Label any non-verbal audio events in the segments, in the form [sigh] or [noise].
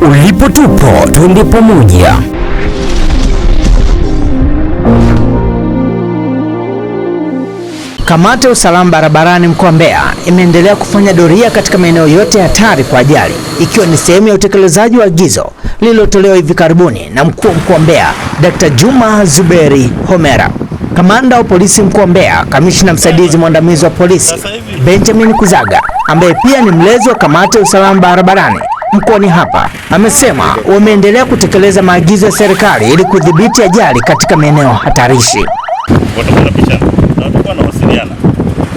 Ulipo tupo, twende pamoja. Kamati ya usalama barabarani mkoa wa Mbeya imeendelea kufanya doria katika maeneo yote hatari kwa ajali, ikiwa ni sehemu ya utekelezaji wa agizo lililotolewa hivi karibuni na mkuu wa mkoa wa Mbeya Dkt. Juma Zuberi Homera. Kamanda wa polisi mkoa wa Mbeya, kamishna msaidizi mwandamizi wa polisi Benjamin Kuzaga, ambaye pia ni mlezi wa kamati ya usalama barabarani mkoani hapa amesema wameendelea kutekeleza maagizo ya serikali ili kudhibiti ajali katika maeneo hatarishi. Watakuwa wanawasiliana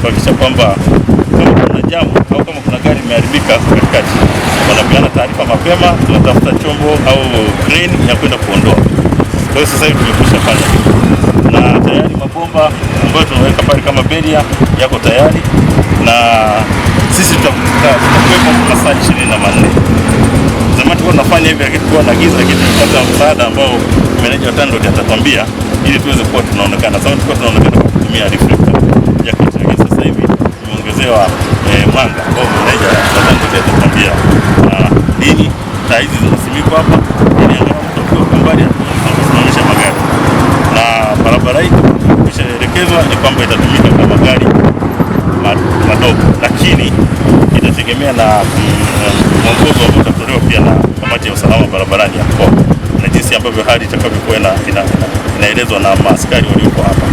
kuhakikisha kwamba kama kuna jamu au kama kuna gari limeharibika katikati, wanapeana taarifa mapema, tunatafuta chombo au kreni ya kwenda kuondoa. Kwa hiyo sasa hivi tumekwisha fanya na tayari mabomba ambayo tunaweka pale kama beria yako tayari na sisi tutakuwepo mpaka saa ishirini na manne. Zamani tulikuwa tunafanya hivi, lakini tulikuwa giza, lakini tulipata msaada ambao meneja wa TANROADS atatwambia ili tuweze kuwa tunaonekana. Zamani tulikuwa tunaonekana kwa kutumia reflector jacket, lakini sasa hivi tumeongezewa eh, mwanga ambao meneja wa TANROADS atatwambia ah, nini, taa hizi zinasimikwa hapa, ili angalau mtu akiwa kwa mbali kusimamisha magari, na barabara hii tulishaelekezwa ni kwamba itatumika kwa magari kutegemea na mm, eh, mwongozo ambao utatolewa pia na kamati ya usalama barabarani ya mkoa na jinsi ambavyo hali itakavyokuwa inaelezwa na maaskari walioko hapa.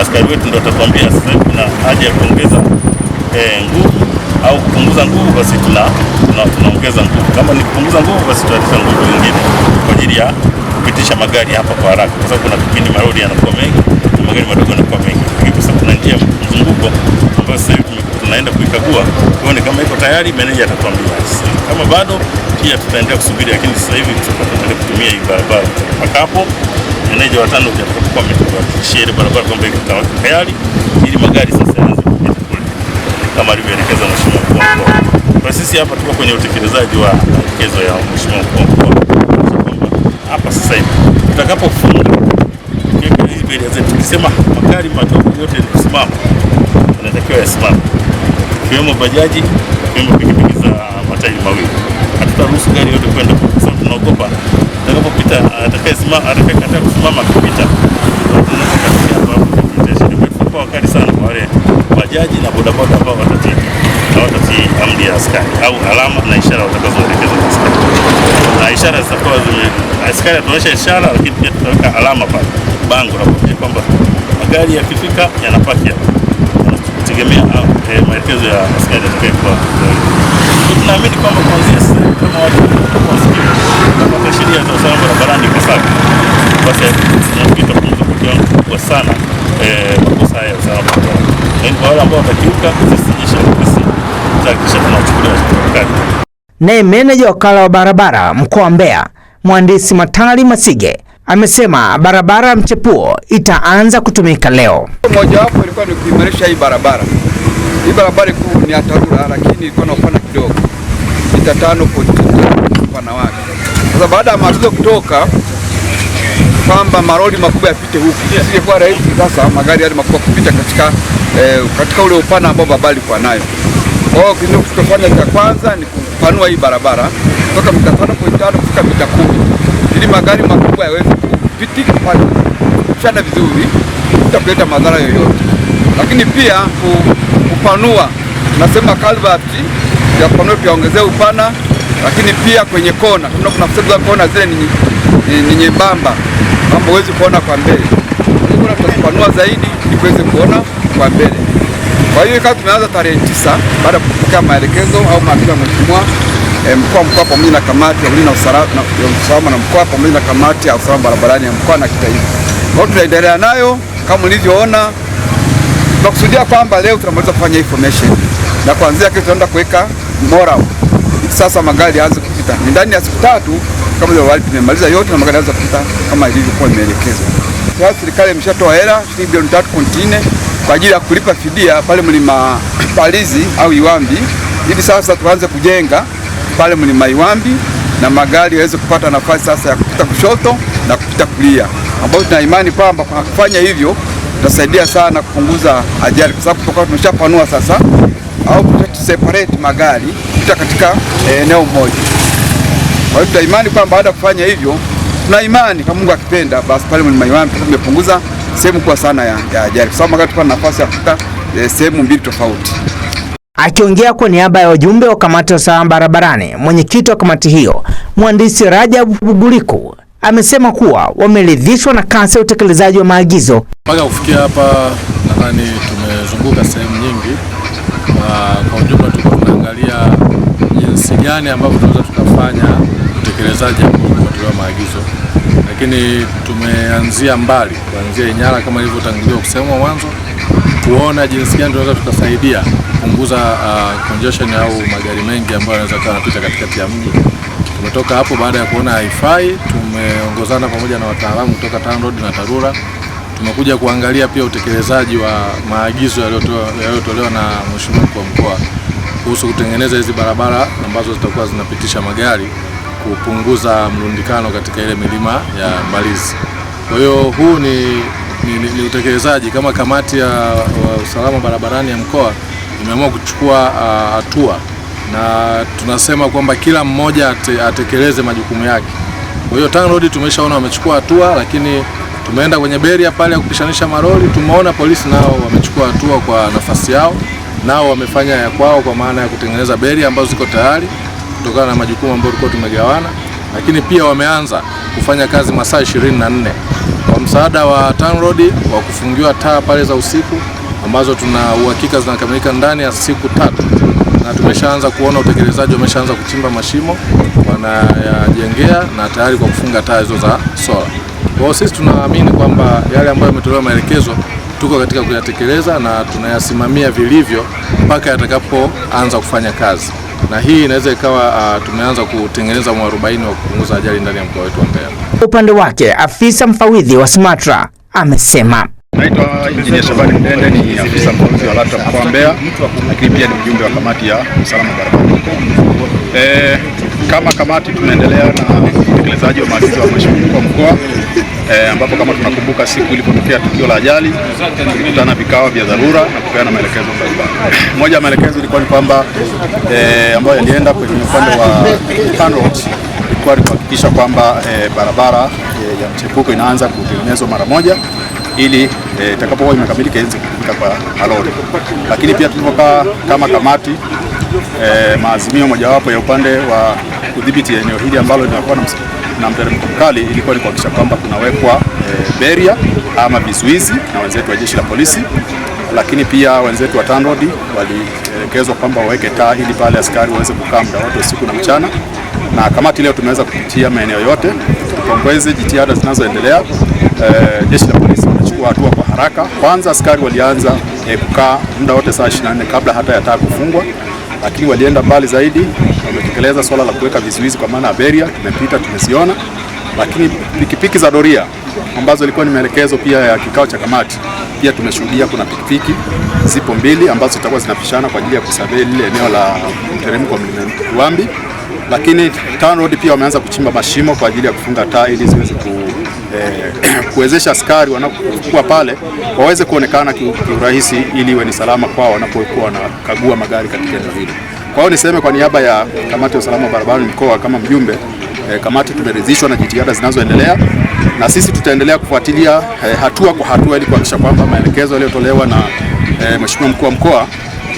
Askari wetu ndio watatuambia sasa kuna haja ya kuongeza eh, nguvu au kupunguza nguvu, basi tunaongeza nguvu. Kama ni kupunguza nguvu, basi tutaleta nguvu nyingine kwa ajili ya kupitisha magari hapa kwa haraka, kwa sababu kuna kipindi malori yanakuwa mengi na magari madogo yanakuwa mengi. Sasa kuna njia mzunguko tunaenda kuikagua tuone kama iko tayari, meneja atatuambia. Kama bado, pia tutaendelea kusubiri, lakini sasa hivi tutaendelea kutumia hii barabara pakapo meneja wa TANROADS atakapokuwa ametuhakikishia ile barabara kwamba iko tayari, ili magari sasa yaanze kupita kule kama alivyoelekeza mheshimiwa mkuu wa mkoa. Kwa sisi hapa tuko kwenye utekelezaji wa maelekezo ya mheshimiwa mkuu wa mkoa hapa sasa hivi tutakapofunga zetu, tukisema magari madogo yote ni kusimama, yanatakiwa yasimame ikiwemo bajaji, ikiwemo pikipiki za matairi mawili. Hatutaruhusu gari yote kwenda kwa sababu tunaogopa atakapopita, atakayesimama, atakayekataa kusimama akipita wakali sana kwa wale bajaji na bodaboda ambao watatii hawatatii amri ya askari au alama na ishara watakazoelekezwa na askari, na ishara zitakuwa zime askari ataonyesha ishara, lakini pia tutaweka alama pale, bango la kwamba magari yakifika yanapaki hapa maelekezo ya askari atakayekuwa tunaamini kwamba kuanzia sasa kama watu wasikivu kupata sheria za usalama barabarani kwa sasa, basi tutapunguza kwa kiwango kikubwa sana makosa haya ya usalama barabarani, lakini kwa wale ambao watakiuka, sisi jeshi la polisi tutahakikisha tunawachukulia hatua. Naye meneja wakala wa barabara mkoa wa Mbeya, mhandisi Matali Masige amesema barabara mchepuo itaanza kutumika leo. wapo ilikuwa ni kuimarisha hii barabara. Hii barabara kuu ni ya TARURA, lakini ilikuwa na upana kidogo mita 5.5 upana wake. Sasa baada ya maagizo kutoka kwamba maroli makubwa yapite huku, isingekuwa rahisi sasa magari yale makubwa kupita katika, eh, katika ule upana ambao barabara ilikuwa nayo. Kwa hiyo kinachofanya cha kwanza ni kupanua hii barabara kutoka mita 5.5 kufika mita 10 ili magari makubwa yaweze kupitishana vizuri bila kuleta madhara yoyote, lakini pia kupanua, nasema kalvati ya panua tuyaongezee upana, lakini pia kwenye kona, kuna kuna kona zile ni nyembamba mambo huwezi kuona kwa mbele, tutapanua zaidi ili kuweze kuona kwa mbele. Kwa hiyo kama tumeanza tarehe tisa baada ya kupokea maelekezo au maagizo ya mheshimiwa e, mkoa mkoa pamoja na kamati ya ulinzi na usalama na mkoa pamoja na kamati ya usalama barabarani ya mkoa na kitaifa Kwa hiyo tunaendelea nayo kama mlivyoona. Tunakusudia kwamba leo tunamaliza kufanya information na kuanzia kesho tunaenda kuweka moral sasa magari yaanze kupita ni ndani ya siku tatu kama ile wali tumemaliza yote na magari yaanze kupita kama ilivyokuwa imeelekezwa. Sasa serikali imeshatoa hela shilingi bilioni tatu kontine kwa ajili ya kulipa fidia pale mlima Palizi au Iwambi. Hivi sasa tuanze kujenga pale mlima Iwambi na magari yaweze kupata nafasi sasa ya kupita kushoto na kupita kulia, ambayo tuna imani kwamba kwa kufanya hivyo tutasaidia sana kupunguza ajali, kwa sababu tutakuwa tumeshapanua sasa au separate magari kupita katika eh, eneo moja. Kwa hiyo tuna imani kwamba baada ya kufanya hivyo, tuna imani kama Mungu akipenda, basi pale mlima Iwambi tumepunguza sehemu kubwa sana ya, ya ajali, kwa sababu magari na nafasi ya kupita eh, sehemu mbili tofauti. Akiongea kwa niaba ya wajumbe wa kamati ya usalama barabarani, mwenyekiti wa kamati hiyo mhandisi Rajabu Bubuliku amesema kuwa wameridhishwa na kasi ya utekelezaji wa maagizo. Mpaka kufikia hapa, nadhani tumezunguka sehemu nyingi. na Kwa ujumla, tuko tunaangalia jinsi gani ambavyo tunaweza tukafanya utekelezaji wa maagizo, lakini tumeanzia mbali, kuanzia inyara kama ilivyotanguliwa kusema mwanzo kuona jinsi gani tunaweza tukasaidia kupunguza uh, congestion au magari mengi ambayo yanaweza kuwa yanapita katikati ya mji. Tumetoka hapo baada ya kuona haifai, tumeongozana pamoja na wataalamu kutoka TANROADS na TARURA tumekuja kuangalia pia utekelezaji wa maagizo yaliyotolewa na Mheshimiwa Mkuu wa Mkoa kuhusu kutengeneza hizi barabara ambazo zitakuwa zinapitisha magari kupunguza mlundikano katika ile milima ya Mbalizi. Kwa hiyo huu ni ni utekelezaji kama kamati ya usalama barabarani ya mkoa imeamua kuchukua hatua na tunasema kwamba kila mmoja ate, atekeleze majukumu yake. Kwa hiyo TANROADS tumeshaona wamechukua hatua, lakini tumeenda kwenye beria pale ya kupishanisha maroli, tumeona polisi nao wamechukua hatua kwa nafasi yao, nao wamefanya ya kwao, kwa maana ya kutengeneza beria ambazo ziko tayari kutokana na majukumu ambayo tulikuwa tumegawana, lakini pia wameanza kufanya kazi masaa 24 msaada wa TANROADS wa kufungiwa taa pale za usiku ambazo tuna uhakika zinakamilika ndani ya siku tatu, na tumeshaanza kuona utekelezaji, wameshaanza kuchimba mashimo wanayajengea na tayari kwa kufunga taa hizo za sola. Kwa hiyo sisi tunaamini kwamba yale ambayo yametolewa maelekezo tuko katika kuyatekeleza na tunayasimamia vilivyo mpaka yatakapoanza kufanya kazi na hii inaweza ikawa uh, tumeanza kutengeneza mwarobaini wa kupunguza ajali ndani ya mkoa wetu wa Mbeya. Upande wake afisa mfawidhi wa SMATRA amesema Naitwa Injinia Shabani Mdende, ni afisa mfawidhi wa LATRA mkoa wa Mbeya, lakini pia ni mjumbe wa kamati ya usalama barabarani. Eh, kama kamati tunaendelea na utekelezaji wa maagizo ya Mheshimiwa Mkuu wa Mkoa e, ambapo kama tunakumbuka siku ilipotokea tukio la ajali tulikutana vikao vya dharura na kupeana maelekezo mbalimbali. Moja ya maelekezo ilikuwa ni kwamba e, ambayo yalienda kwenye upande wa ilikuwa ni kuhakikisha kwamba e, barabara e, ya mchepuko inaanza kutengenezwa mara moja ili itakapokuwa e, imekamilika iweze kufika kwa malori. Lakini pia tulipokaa kama kamati e, maazimio mojawapo ya upande wa kudhibiti eneo hili ambalo linakuwa na mteremko mkali, ilikuwa ni kuhakikisha kwamba kunawekwa e, beria ama vizuizi na wenzetu wa jeshi la polisi, lakini pia wenzetu wa TANROADS walielekezwa kwamba waweke taa ili pale askari waweze kukaa muda wote usiku na mchana, na kamati leo tumeweza kupitia maeneo yote. Tupongeze jitihada zinazoendelea e, jeshi la polisi wanachukua hatua kwa haraka. Kwanza askari walianza e, kukaa muda wote saa 24 kabla hata ya taa kufungwa lakini walienda mbali zaidi, wametekeleza swala la kuweka vizuizi kwa maana ya beria, tumepita tumeziona, lakini pikipiki za doria ambazo ilikuwa ni maelekezo pia ya kikao cha kamati, pia tumeshuhudia kuna pikipiki zipo mbili ambazo zitakuwa zinapishana kwa ajili ya kusurvey lile eneo la mteremko wa mlima Ruambi. Lakini TANROADS pia wameanza kuchimba mashimo kwa ajili ya kufunga taa ili ziweze ku eh, [clears throat] kuwezesha askari wanapokuwa pale waweze kuonekana kiurahisi ili iwe ni salama kwao wanapokuwa wanakagua magari katika eneo hili. Kwa hiyo niseme kwa niaba ya kamati ya usalama wa barabarani mkoa kama mjumbe eh, kamati tumeridhishwa na jitihada zinazoendelea na sisi tutaendelea kufuatilia eh, hatua kwa hatua ili kuhakikisha kwamba maelekezo yaliyotolewa na eh, Mheshimiwa mkuu wa mkoa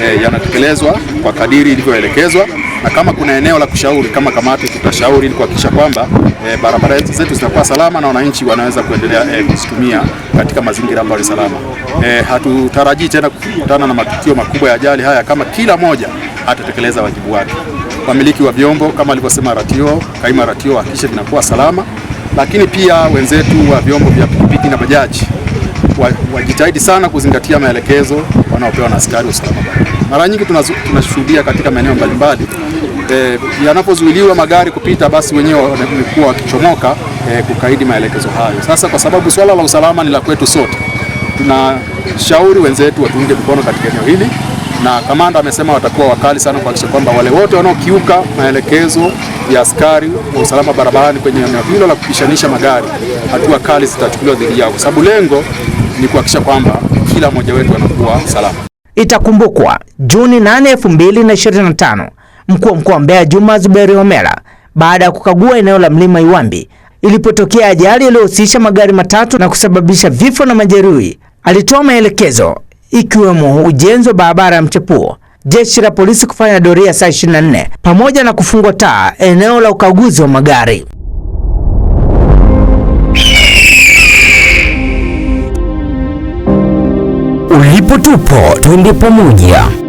eh, yanatekelezwa kwa kadiri ilivyoelekezwa na kama kuna eneo la kushauri kama kamati tutashauri ili kuhakikisha kwamba e, barabara zetu zinakuwa salama na wananchi wanaweza kuendelea e, kuzitumia katika mazingira ambayo ni salama. E, hatutarajii tena kukutana na matukio makubwa ya ajali haya kama kila moja atatekeleza wajibu wake. Wamiliki wa vyombo kama alivyosema ratio kaima ratio hakikisha vinakuwa salama, lakini pia wenzetu wa vyombo vya pikipiki na bajaji walijitahidi sana kuzingatia maelekezo wanaopewa na askari wa usalama. Mara nyingi tunashuhudia katika maeneo mbalimbali e, yanapozuiliwa magari kupita, basi wenyewe wamekuwa wakichomoka e, kukaidi maelekezo hayo. Sasa kwa sababu swala la usalama ni la kwetu sote, tunashauri wenzetu watuunge mkono katika eneo hili, na kamanda amesema watakuwa wakali sana kuhakikisha kwamba wale wote wanaokiuka maelekezo ya askari wa usalama barabarani kwenye eneo hilo la kupishanisha magari, hatua kali zitachukuliwa dhidi yao, kwa sababu lengo ni kuhakikisha kwamba kila mmoja wetu anakuwa salama. Itakumbukwa Juni 8, 2025 mkuu wa mkoa wa Mbeya Juma Zuberi Homera baada ya kukagua eneo la mlima Iwambi ilipotokea ajali iliyohusisha magari matatu na kusababisha vifo na majeruhi, alitoa maelekezo ikiwemo ujenzi wa barabara ya mchepuo, jeshi la polisi kufanya doria saa 24 pamoja na kufungwa taa eneo la ukaguzi wa magari. ulipo tupo, twende pamoja.